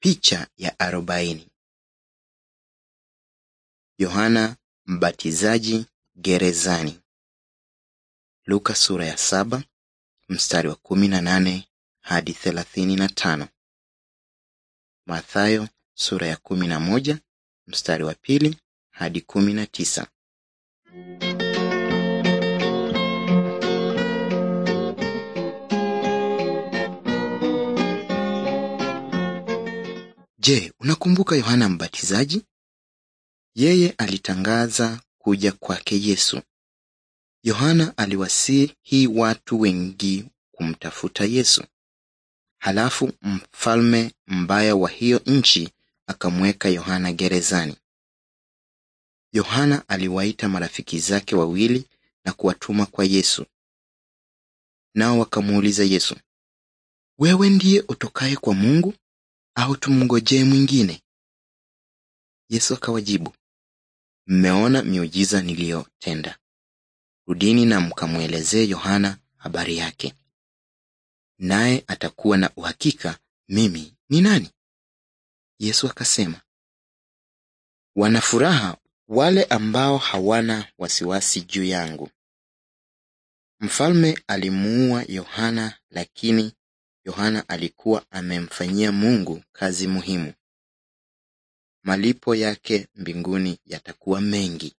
Picha ya arobaini. Yohana Mbatizaji gerezani. Luka sura ya saba mstari wa kumi na nane hadi thelathini na tano. Mathayo sura ya kumi na moja mstari wa pili hadi kumi na tisa. Je, unakumbuka Yohana Mbatizaji? Yeye alitangaza kuja kwake Yesu. Yohana aliwasihi watu wengi kumtafuta Yesu. Halafu mfalme mbaya wa hiyo nchi akamweka Yohana gerezani. Yohana aliwaita marafiki zake wawili na kuwatuma kwa Yesu. Nao wakamuuliza Yesu, wewe ndiye utokaye kwa Mungu? au tumngojee mwingine? Yesu akawajibu, mmeona miujiza niliyotenda. Rudini na mkamwelezee Yohana habari yake, naye atakuwa na uhakika mimi ni nani. Yesu akasema, wanafuraha wale ambao hawana wasiwasi juu yangu. Mfalme alimuua Yohana, lakini yohana alikuwa amemfanyia Mungu kazi muhimu. Malipo yake mbinguni yatakuwa mengi.